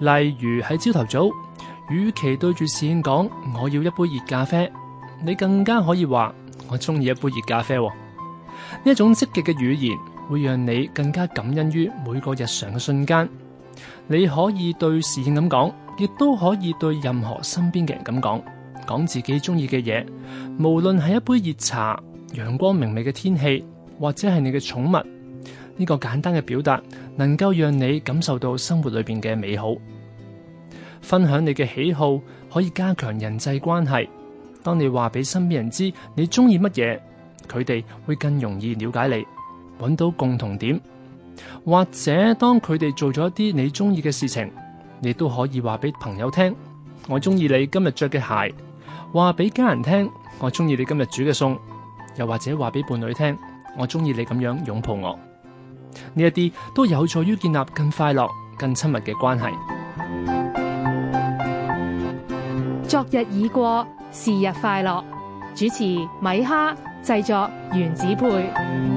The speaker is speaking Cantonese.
例如喺朝頭早，與其對住侍應講我要一杯熱咖啡，你更加可以話我中意一杯熱咖啡。呢一種積極嘅語言，會讓你更加感恩於每個日常嘅瞬間。你可以對侍應咁講，亦都可以對任何身邊嘅人咁講，講自己中意嘅嘢，無論係一杯熱茶、陽光明媚嘅天氣，或者係你嘅寵物。呢個簡單嘅表達，能夠讓你感受到生活裏邊嘅美好。分享你嘅喜好，可以加強人際關係。當你話俾身邊人知你中意乜嘢，佢哋會更容易了解你，搵到共同點。或者當佢哋做咗一啲你中意嘅事情，你都可以話俾朋友聽，我中意你今日着嘅鞋，話俾家人聽，我中意你今日煮嘅餸，又或者話俾伴侶聽，我中意你咁樣擁抱我。呢一啲都有助於建立更快樂、更親密嘅關係。昨日已過，是日快樂。主持米哈，製作原子配。